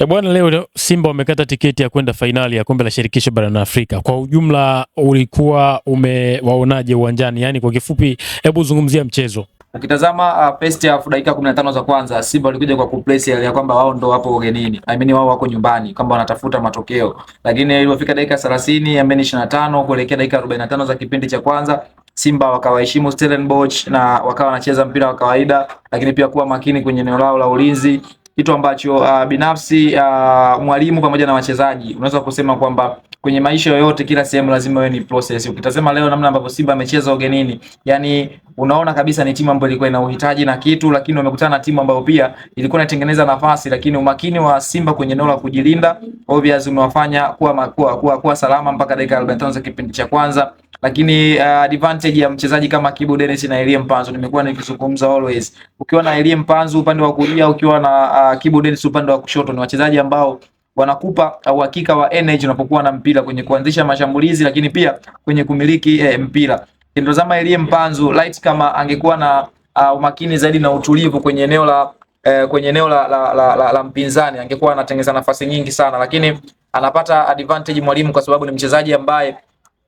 Eh, bwana, leo Simba wamekata tiketi ya kwenda fainali ya kombe la shirikisho barani Afrika. Kwa ujumla ulikuwa umewaonaje uwanjani? Yaani kwa kifupi, hebu zungumzia mchezo. Ukitazama uh, pesti ya dakika 15 za kwanza Simba walikuja kwa kuplace ya kwamba wao ndo wapo ugenini. I mean wao wako nyumbani kwamba wanatafuta matokeo. Lakini ilipofika dakika 30, I 25 kuelekea dakika 45 za kipindi cha kwanza Simba wakawaheshimu Stellenbosch na wakawa wanacheza mpira wa kawaida, lakini pia kuwa makini kwenye eneo lao la ulinzi kitu ambacho uh, binafsi uh, mwalimu pamoja na wachezaji, unaweza kusema kwamba kwenye maisha yoyote, kila sehemu lazima iwe ni process. Ukitazama leo namna ambavyo Simba amecheza ugenini, yani unaona kabisa ni timu ambayo ilikuwa ina uhitaji na kitu, lakini wamekutana na timu ambayo pia ilikuwa inatengeneza nafasi, lakini umakini wa Simba kwenye eneo la kujilinda obviously umewafanya kuwa, kuwa, kuwa, kuwa salama mpaka dakika 45 za kipindi cha kwanza lakini uh, advantage ya mchezaji kama Kibu Dennis na Elie Mpanzu nimekuwa nikizungumza always, ukiwa na Elie Mpanzu upande wa kulia, ukiwa na uh, Kibu Dennis upande wa kushoto, ni wachezaji ambao wanakupa uh, uhakika wa energy unapokuwa na mpira kwenye kuanzisha mashambulizi, lakini pia kwenye kumiliki eh, mpira. Kindozama Elie Mpanzu light kama angekuwa na uh, umakini zaidi na utulivu kwenye eneo la eh, kwenye eneo la, la, la, la, la mpinzani angekuwa anatengeneza nafasi nyingi sana, lakini anapata advantage mwalimu kwa sababu ni mchezaji ambaye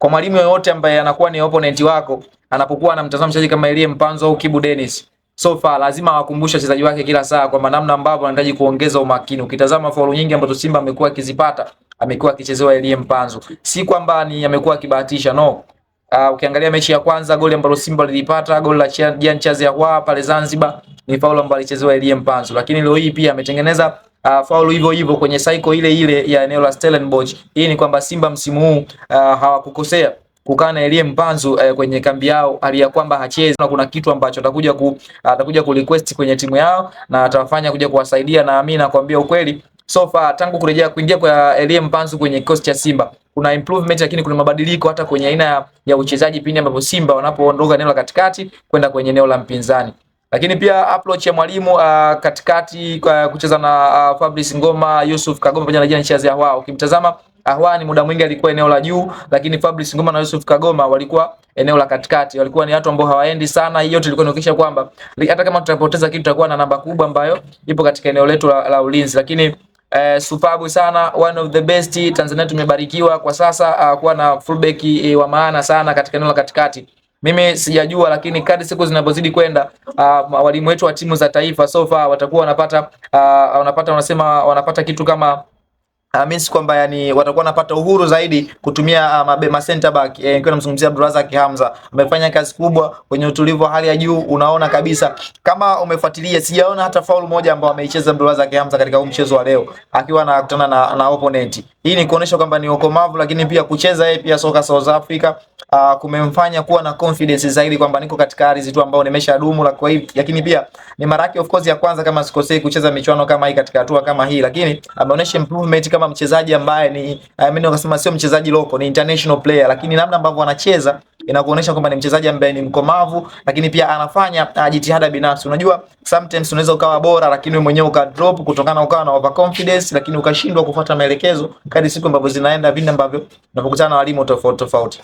kwa mwalimu yoyote ambaye anakuwa ni opponent wako anapokuwa anamtazama mchezaji kama Elie Mpanzo au Kibu Dennis so far lazima awakumbushe wachezaji wake kila saa kwamba namna ambavyo anahitaji kuongeza umakini. Ukitazama faulu nyingi ambazo Simba amekuwa akizipata, amekuwa akichezewa Elie Mpanzo, si kwamba ni amekuwa akibahatisha no. Uh, ukiangalia mechi ya kwanza goli ambalo Simba lilipata goli la Jean Charles Ahoua pale Zanzibar ni faulu ambayo alichezewa Elie Mpanzo, lakini leo hii pia ametengeneza Uh, ah, faulu hivyo hivyo kwenye cycle ile ile ya eneo la Stellenbosch. Hii ni kwamba Simba msimu huu uh, hawakukosea kukaa na Elie Mpanzu eh, kwenye kambi yao, hali kwamba hachezi na kuna kitu ambacho atakuja ku atakuja ku request kwenye timu yao na atawafanya kuja kuwasaidia, na mimi nakwambia ukweli so far tangu kurejea kuingia kwa Elie Mpanzu kwenye kikosi cha Simba kuna improvement lakini kuna mabadiliko hata kwenye aina ya uchezaji pindi ambapo Simba wanapoondoka eneo la katikati kwenda kwenye eneo la mpinzani. Lakini pia approach ya mwalimu uh, katikati uh, kucheza na uh, Fabrice Ngoma, Yusuf Kagoma pamoja na Jean Chazia Ahwa. Ukimtazama Ahwa ni muda mwingi alikuwa eneo la juu, lakini Fabrice Ngoma na Yusuf Kagoma walikuwa eneo la katikati, walikuwa ni watu ambao hawaendi sana. Hiyo yote ilikuwa inaonyesha kwamba hata kama tutapoteza kitu tutakuwa na namba kubwa ambayo ipo katika eneo letu la, la ulinzi. Lakini eh, superb sana, one of the best. Tanzania tumebarikiwa kwa sasa uh, kuwa na fullback eh, wa maana sana katika eneo la katikati. Mimi sijajua lakini kadri siku zinavyozidi kwenda uh, walimu wetu wa timu za taifa so far watakuwa wanapata uh, wanapata wanasema wanapata kitu kama Uh, ah, means kwamba yani watakuwa wanapata uhuru zaidi kutumia uh, ma center back eh, nikiwa namzungumzia Abdulrazak Hamza amefanya kazi kubwa kwenye utulivu wa hali ya juu. Unaona kabisa kama umefuatilia, sijaona hata faulu moja ambayo ameicheza Abdulrazak Hamza katika huu mchezo wa leo akiwa anakutana na, na opponent. Hii ni kuonesha kwamba ni ukomavu, lakini pia kucheza yeye pia soka South Africa uh, kumemfanya kuwa na confidence zaidi kwamba niko katika ardhi tu ambayo nimesha dumu la kwa hivi, lakini pia ni mara yake of course ya kwanza kama sikosei kucheza michuano kama hii katika hatua kama hii, lakini ameonyesha improvement kama mchezaji ambaye ni ah, I mean, wakasema sio mchezaji loko, ni international player, lakini namna ambavyo anacheza inakuonyesha kwamba ni mchezaji ambaye ni mkomavu, lakini pia anafanya uh, jitihada binafsi. Unajua sometimes unaweza ukawa bora, lakini wewe mwenyewe uka drop kutokana ukawa na overconfidence, lakini ukashindwa kufuata maelekezo kadri siku ambavyo zinaenda, vingi ambavyo unapokutana na walimu tofauti tofauti.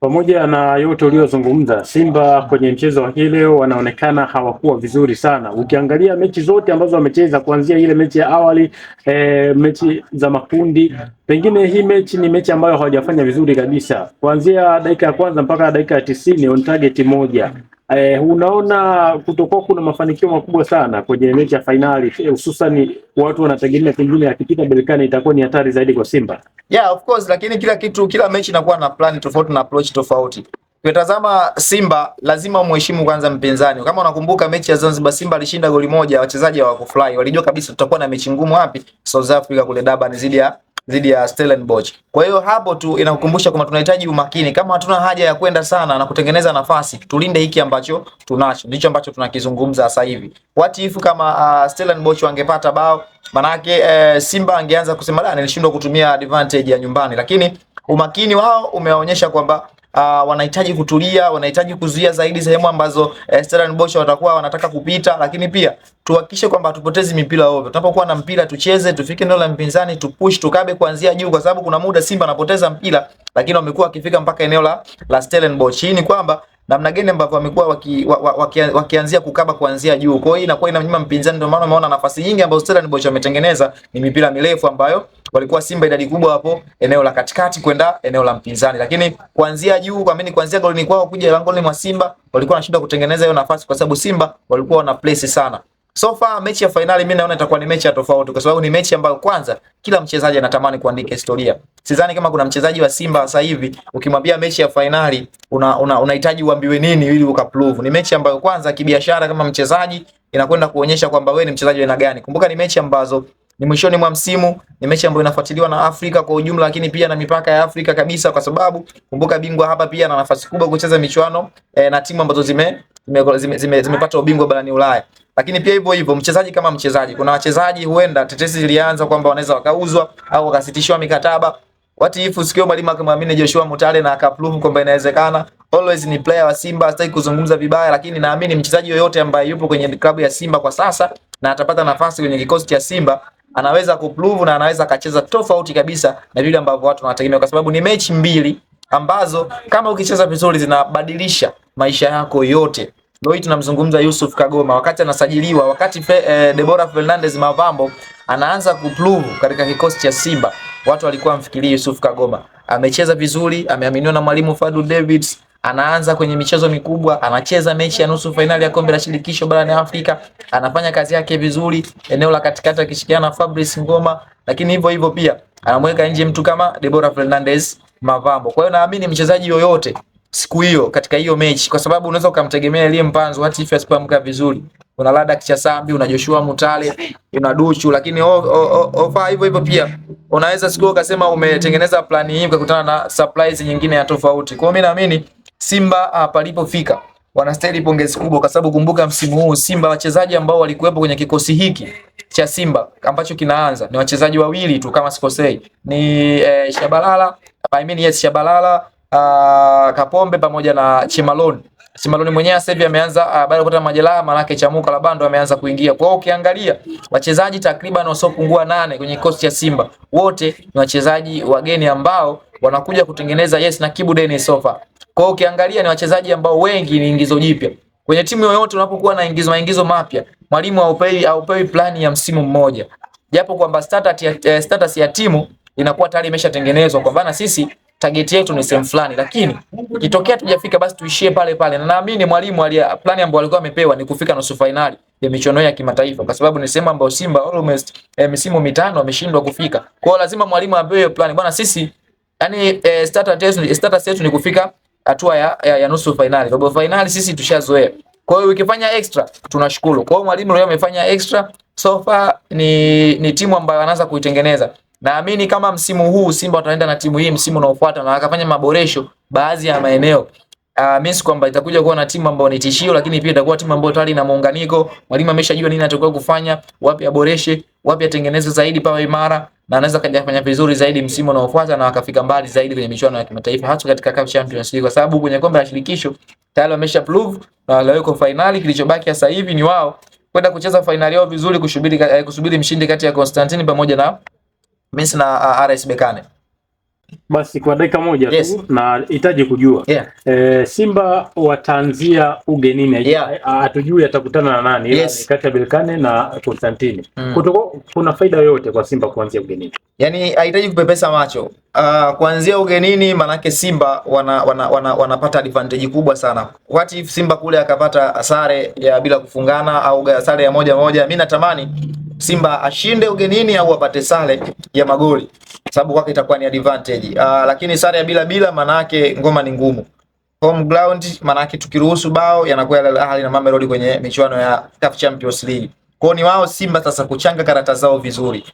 Pamoja na yote uliyozungumza, Simba kwenye mchezo wa hii leo wanaonekana hawakuwa vizuri sana. Ukiangalia mechi zote ambazo wamecheza kuanzia ile mechi ya awali e, mechi za makundi, pengine hii mechi ni mechi ambayo hawajafanya vizuri kabisa, kuanzia dakika ya kwanza mpaka dakika ya tisini on target moja. Eh, unaona kutokuwa kuna mafanikio makubwa sana kwenye mechi ya fainali eh, hususan watu wanategemea pengine akipita Berkane itakuwa ni hatari zaidi kwa Simba. Yeah, of course, lakini kila kitu kila mechi inakuwa na plan tofauti na approach tofauti. Ukitazama Simba lazima umheshimu kwanza mpinzani. Kama unakumbuka mechi ya Zanzibar Simba alishinda goli moja, wachezaji hawakufurahi. Walijua kabisa tutakuwa na mechi ngumu wapi? South Africa kule Durban zidi ya dhidi ya Stellenbosch. Kwa hiyo hapo tu inakukumbusha kwamba tunahitaji umakini, kama hatuna haja ya kwenda sana na kutengeneza nafasi, tulinde hiki ambacho tunacho, ndicho ambacho tunakizungumza sasa hivi. What if kama uh, Stellenbosch wangepata bao, manake uh, Simba angeanza kusema la, nilishindwa kutumia advantage ya nyumbani, lakini umakini wao umewaonyesha kwamba Uh, wanahitaji kutulia, wanahitaji kuzuia zaidi sehemu ambazo eh, Stellenbosch watakuwa wanataka kupita, lakini pia tuhakikishe kwamba hatupotezi mipira ovyo. Tunapokuwa na mpira tucheze, tufike eneo la mpinzani, tupush, tukabe kuanzia juu, kwa sababu kuna muda Simba anapoteza mpira, lakini wamekuwa wakifika mpaka eneo la, la Stellenbosch. Hii ni kwamba namna gani ambavyo wamekuwa waki, waki, wakianzia kukaba kuanzia juu. Kwa hiyo inakuwa inamnyima mpinzani, ndio maana umeona nafasi nyingi ambazo Stellenbosch ametengeneza ni mipira mirefu ambayo walikuwa Simba idadi kubwa hapo eneo la katikati kwenda eneo la mpinzani, lakini kuanzia juu, kuamini kuanzia golini kwao kuja langoni mwa Simba walikuwa wanashindwa kutengeneza hiyo nafasi, kwa sababu Simba walikuwa wana place sana. So far mechi ya fainali mimi naona itakuwa ni mechi ya tofauti, kwa sababu ni mechi ambayo kwanza kila mchezaji anatamani kuandika historia. Sidhani kama kuna mchezaji wa Simba sasa hivi ukimwambia mechi ya fainali unahitaji una, una uambiwe nini ili ukaprove. Ni mechi ambayo kwanza kibiashara, kama mchezaji inakwenda kuonyesha kwamba wewe ni mchezaji wa aina gani. Kumbuka ni mechi ambazo ni mwishoni mwa msimu, ni mechi ambayo inafuatiliwa na Afrika kwa ujumla, lakini pia na mipaka ya Afrika kabisa, kwa sababu kumbuka, bingwa hapa pia na nafasi kubwa kucheza michuano eh, na timu ambazo zime zimepata zime, zime, zime ubingwa barani Ulaya. Lakini pia hivyo hivyo mchezaji kama mchezaji, kuna wachezaji huenda tetesi zilianza kwamba wanaweza wakauzwa au wakasitishwa mikataba. What if sikio mwalimu akamwamini Joshua Mutale na akaprove kwamba inawezekana. Always ni player wa Simba, sitaki kuzungumza vibaya, lakini naamini mchezaji yoyote ambaye yupo kwenye klabu ya Simba kwa sasa na atapata nafasi kwenye kikosi cha Simba anaweza kuprove na anaweza akacheza tofauti kabisa na vile ambavyo watu wanategemea, kwa sababu ni mechi mbili ambazo kama ukicheza vizuri zinabadilisha maisha yako yote. Leo hii tunamzungumza Yusuf Kagoma, wakati anasajiliwa, wakati eh, Deborah Fernandez Mavambo anaanza kuprove katika kikosi cha Simba, watu walikuwa wamfikiria Yusuf Kagoma amecheza vizuri, ameaminiwa na mwalimu Fadlu Davids anaanza kwenye michezo mikubwa, anacheza mechi ya nusu fainali ya kombe la shirikisho barani Afrika, anafanya kazi yake vizuri eneo la katikati akishikiana na Fabrice Ngoma, lakini hivyo hivyo pia anamweka nje mtu kama Deborah Fernandez Mavambo. Kwa hiyo naamini mchezaji yoyote siku hiyo katika hiyo mechi, kwa sababu unaweza ukamtegemea Elie Mpanzu hata ifi asipoamka vizuri, una Ladak Chasambi, una Joshua Mutale, una Duchu, lakini ofa hivyo hivyo pia unaweza siku ukasema umetengeneza plani hii ukakutana na surprise nyingine ya tofauti. Kwa hiyo mimi naamini Simba ah, palipofika wanastahili pongezi kubwa, kwa sababu kumbuka, msimu huu Simba wachezaji ambao walikuwepo kwenye kikosi hiki cha Simba ambacho kinaanza ni wachezaji wawili tu kama sikosei, ni eh, Shabalala I mean, yes, Shabalala uh, Kapombe pamoja na Chimaloni. Chimaloni mwenyewe sasa hivi ameanza uh, baada ya kupata majeraha, manake chamuka la bando ameanza kuingia. Kwa hiyo ukiangalia wachezaji takriban wasiopungua nane kwenye kikosi cha Simba wote ni wachezaji wageni ambao wanakuja kutengeneza yes na Kibu Denis Sofa kwa hiyo ukiangalia ni wachezaji ambao wengi ni ingizo jipya. Kwenye timu yoyote unapokuwa na ingizo maingizo mapya, mwalimu haupewi haupewi plani ya msimu mmoja. Japo kwamba status ya, eh, status ya timu inakuwa tayari imeshatengenezwa kwa maana sisi target yetu ni sehemu fulani, lakini ikitokea tujafika basi tuishie pale pale, na naamini mwalimu alia plani ambayo alikuwa amepewa ni kufika nusu finali ya michuano ya kimataifa, kwa sababu ni sehemu ambayo Simba almost eh, misimu mitano ameshindwa kufika. Kwa hiyo lazima mwalimu apewe plani bwana, sisi yani eh, status yetu status yetu ni kufika hatua ya, ya, ya nusu fainali. Robo fainali sisi tushazoea. Kwa hiyo ukifanya extra tunashukuru. Kwa hiyo mwalimu leo amefanya extra. So far ni, ni timu ambayo anaanza kuitengeneza. Naamini kama msimu huu Simba wataenda na timu hii msimu unaofuata na wakafanya maboresho baadhi ya maeneo. Uh, mimi kwamba itakuja kuwa na timu ambayo ni tishio, lakini pia itakuwa timu ambayo tayari ina muunganiko. Mwalimu ameshajua nini anatakiwa kufanya, wapi aboreshe, wapi atengeneze zaidi pawe imara na anaweza kaja kufanya vizuri zaidi msimu unaofuata na wakafika mbali zaidi kwenye michuano ya kimataifa hasa katika Cup Champions League, kwa sababu kwenye kombe la shirikisho tayari wamesha prove na waleweko finali. Kilichobaki sasa hivi ni wao kwenda kucheza finali yao vizuri, kusubiri eh, kusubiri mshindi kati ya Constantine pamoja na Messi na ah, ah, RS Berkane. Basi kwa dakika moja yes, tu nahitaji kujua yeah. E, Simba wataanzia ugenini ah, hatujui yeah, atakutana na nani yes, kati ya Berkane na Konstantini mm. Kutoko, kuna faida yoyote kwa Simba kuanzia ugenini? Yani hahitaji kupepesa macho uh, kuanzia ugenini, maanake Simba wana, wana, wana, wanapata advantage kubwa sana. Wakati Simba kule akapata sare ya bila kufungana au sare ya moja moja, mi natamani Simba ashinde ugenini au apate sare ya magoli, sababu kwake itakuwa ni advantage. Uh, lakini sare ya bila bila, maana yake ngoma ni ngumu. Home ground, maana yake tukiruhusu bao yanakuwa Al Ahly na Mamelodi kwenye michuano ya CAF Champions League. Kwao ni wao Simba sasa kuchanga karata zao vizuri.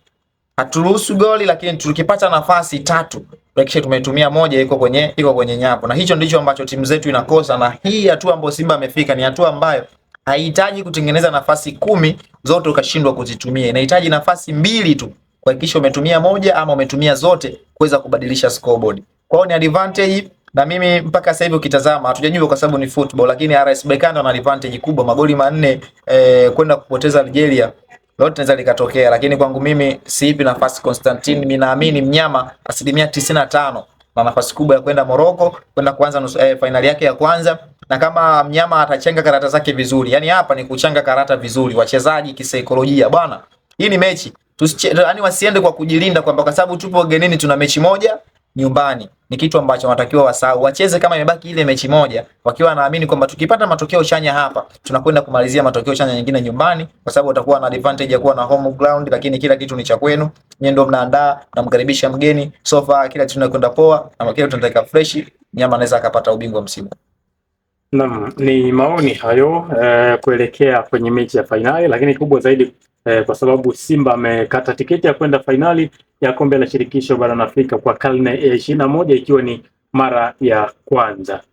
Haturuhusu goli, lakini tukipata nafasi tatu hakikisha tumetumia moja, iko kwenye iko kwenye nyapo, na hicho ndicho ambacho timu zetu inakosa, na hii hatua ambayo Simba amefika ni hatua ambayo Haihitaji kutengeneza nafasi kumi zote ukashindwa kuzitumia. Inahitaji nafasi mbili tu kuhakikisha umetumia moja ama umetumia zote kuweza kubadilisha scoreboard. Kwa hiyo ni advantage na mimi mpaka sasa hivi ukitazama hatujajua kwa sababu ni football, lakini RS Berkane wana advantage kubwa, magoli manne eh, kwenda kupoteza Algeria lote naweza likatokea, lakini kwangu mimi siipi nafasi Constantine. Mimi naamini mnyama asilimia tisini na tano na nafasi kubwa ya kwenda Morocco kwenda kuanza eh, fainali yake ya kwanza na kama mnyama atachenga karata zake vizuri. Yani hapa ni kuchanga karata vizuri, wachezaji kisaikolojia bwana. Hii ni mechi tusiche, yani wasiende kwa kujilinda kwamba kwa sababu tupo ugenini tuna mechi moja nyumbani ni kitu ambacho wanatakiwa wasahau, wacheze kama imebaki ile mechi moja, wakiwa wanaamini kwamba tukipata matokeo chanya hapa tunakwenda kumalizia matokeo chanya nyingine nyumbani, kwa sababu watakuwa na advantage ya kuwa na home ground, lakini kila kitu ni cha kwenu, nyinyi ndio mnaandaa, mnamkaribisha mgeni sofa, kila kitu kinakwenda poa na kila kitu kinataka fresh, nyama anaweza akapata ubingwa msimu Naam, ni maoni hayo eh, kuelekea kwenye mechi ya fainali, lakini kubwa zaidi eh, kwa sababu Simba amekata tiketi ya kwenda fainali ya kombe la shirikisho barani Afrika kwa karne ya ishirini na moja ikiwa ni mara ya kwanza.